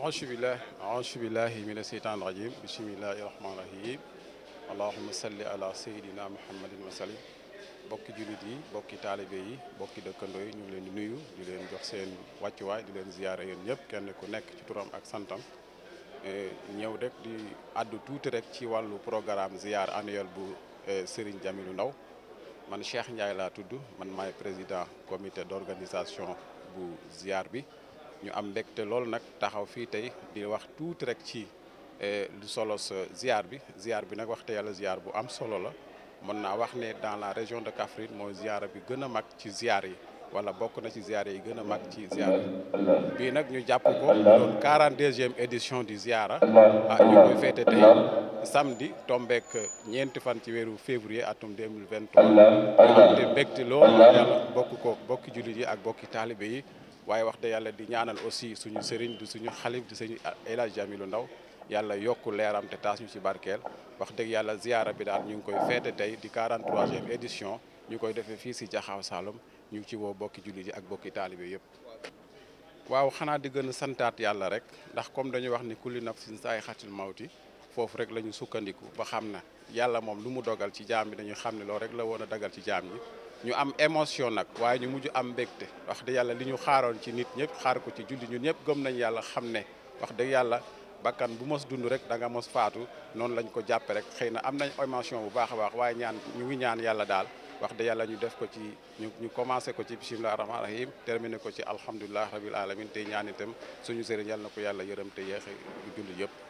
أعوذ بالله أعوذ بالله من الشيطان الرجيم بسم الله الرحمن الرحيم اللهم صل على سيدنا محمد وسلم بوك جوليدي بوك طالبي بوك دكاندو ني لين نويو دي لين جوخ سين واتي واي دي لين زياره يين ييب كين كو نيك سي تورام اك سانتام ا نييو ديك دي ادو توت ريك سي والو بروغرام زيار انيول بو سيرين جاميلو ناو من شيخ نياي لا تودو من ماي بريزيدان كوميتي دورغانيزاسيون بو زيار بي ñu am mbégte loolu nak taxaw fi tay di wax tout rek ci eh, lu solo ce ziar bi ziar bi nag waxte yàlla ziar bu am solo la mën na wax né dans la région de Kaffrine mooy ziara bi gën a mag ci ziar yi wala bokk na ci ziar yi gëna a mag ci ziar bi nak ñu japp ko doon 42e édition du ziara ah ñu koy fété tay samedi tombeek ñeenti fan ci wéru février atum 2023 ñu am te yalla loolu bokk ko bokki jullit yi ak bokki talibé yi waaye wax dëgg yàlla di ñaanal aussi suñu sëriñ di suñu xalif di suñu El Hadj Jamilu Ndaw yàlla yokk leeram te taas ñu ci barkeel wax dëgg yàlla ziyaara bi daal ñu ngi koy feete tey di 43e édition ñu koy defee fii ci Jaxaaw Saalum ñu ngi ci woo bokki jullit yi ak bokki taalibe yëpp. waaw xanaa di gën santaat yàlla rek ndax comme dañuy wax ni kulli nafsin saay xatil mawti foofu rek la ñu sukkandiku ba xam na yàlla moom lu mu dogal ci jaam bi dañu xam ne loolu rek la woon a dagal ci jaam yi ñu am émotion nag waaye ñu mujj am mbégte wax dëgg yàlla li ñu xaaroon ci nit ñëpp xaar ko ci julli ñun ñëpp gëm nañ yàlla xam ne wax dëgg yàlla bakkan bu mos dund rek da nga mos faatu noonu lañ ko jàppe rek xëy na am nañ émotion bu baax a baax waaye ñaan ñu ngi ñaan yàlla daal wax dëgg yàlla ñu def ko ci ñu ñu commencé ko ci bisimilah rahmaani rahim terminé ko ci alhamdulilah rabil alamin tey ñaan suñu sëriñ yàlla na ko yàlla yërëm te yeexe julli yëpp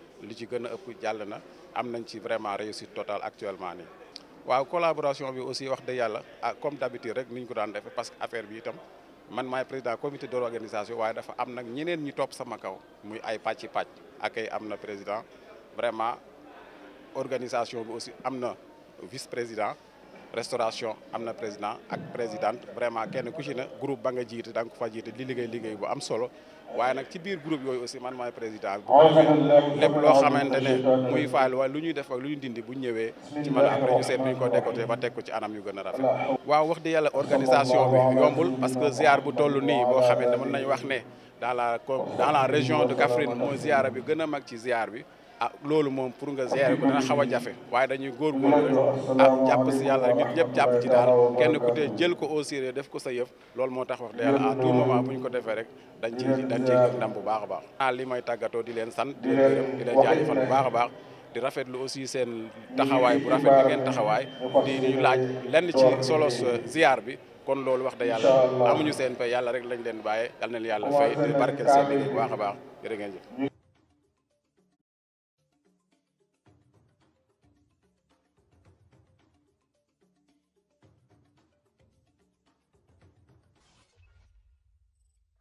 li ci gën a ëpp jàll na am nañ ci vraiment réussite totale actuellement nii. waaw collaboration bi aussi wax de yàlla ah, comme d'habitude rek niñ ko daan defee parce que affaire bi itam man maay président comité d'organisation waaye dafa am nag ñeneen ñi topp sama kaw muy ay pàcc pàcc ak ay am na président vraiment organisation bi aussi am na vice président restauration amna président ak présidente vraiment kenn ku groupe ba nga dank fa bu am solo nak ci biir groupe aussi man président lepp lo xamantene muy faal wa luñuy def ak dindi bu ci après ñu ko décoté ba ci anam yu gëna wax organisation bi yombul parce que ziar bu tollu ni bo ne wax ne dans la dans la région de Kaffrine mo bi mag ci ziar bi a ah, loolu moom pour nga gérer ko a jafe waaye dañuy góor góor rek ah jàpp si yàlla rek nit ñëpp jàpp ci daal kenn ku te jël ko au def ko sa yëf loolu moo tax wax dëgg yàlla à bu ñu ko defee rek dañ ci dañ ciy bu baax a baax ah li may tàggatoo di leen sant di leen gërëm baax a baax di rafetlu aussi seen taxawaay bu rafet bi ngeen taxawaay di ñu laaj lenn ci solos ziar bi kon loolu wax da yàlla ñu seen fay yàlla rek lañ leen bàyyee yal na yàlla fay te barkeel seen liggéey bu baax ngeen jëf